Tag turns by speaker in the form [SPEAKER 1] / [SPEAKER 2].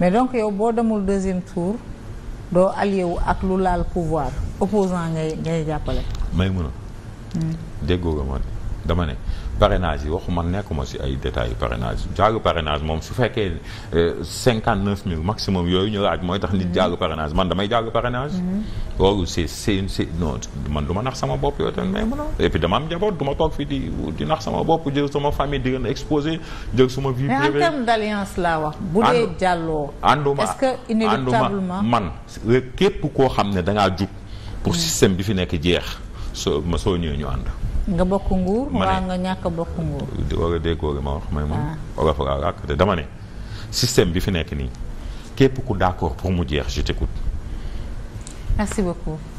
[SPEAKER 1] mais donc yow boo demul deuxième tour doo allié wu ak lu laal pouvoir opposant ngay ngay jàppale.
[SPEAKER 2] may mun a. Hmm. déggoo nga ma dama ne. parenage yi waxu waxuma nekkuma si ay détails parrainage jaagu parrainage moom su fekkee euh, cinquante neuf mille maximum yooyu ñu laaj mooy tax nit jaagu parrainage man damay jaagu parrainage loolu mm-hmm. c'est c'est c'est non man du ma nax sama bopp yooyu tamit may mën dama am njaboot du ma toog fii di di nax sama bopp jël sama famille di gën a exposé jël suma vie privée mais en
[SPEAKER 1] terme d'alliance laa wax bu dee jàlloo
[SPEAKER 2] ànduma est-ce que inéluctablement man képp koo xam ne dangaa jug pour mm. système bi fi nekk jeex soo ma soo ñëwee ñu ànd
[SPEAKER 1] nga bokk nguur. waa nga ñàkk a bokk nguur.
[SPEAKER 2] di war a ma wax may moom. Ah. war a fa ràkk te dama ne système bi fi nekk nii képp ku d'accord pour mu jeex je t'écoute.
[SPEAKER 1] merci beaucoup.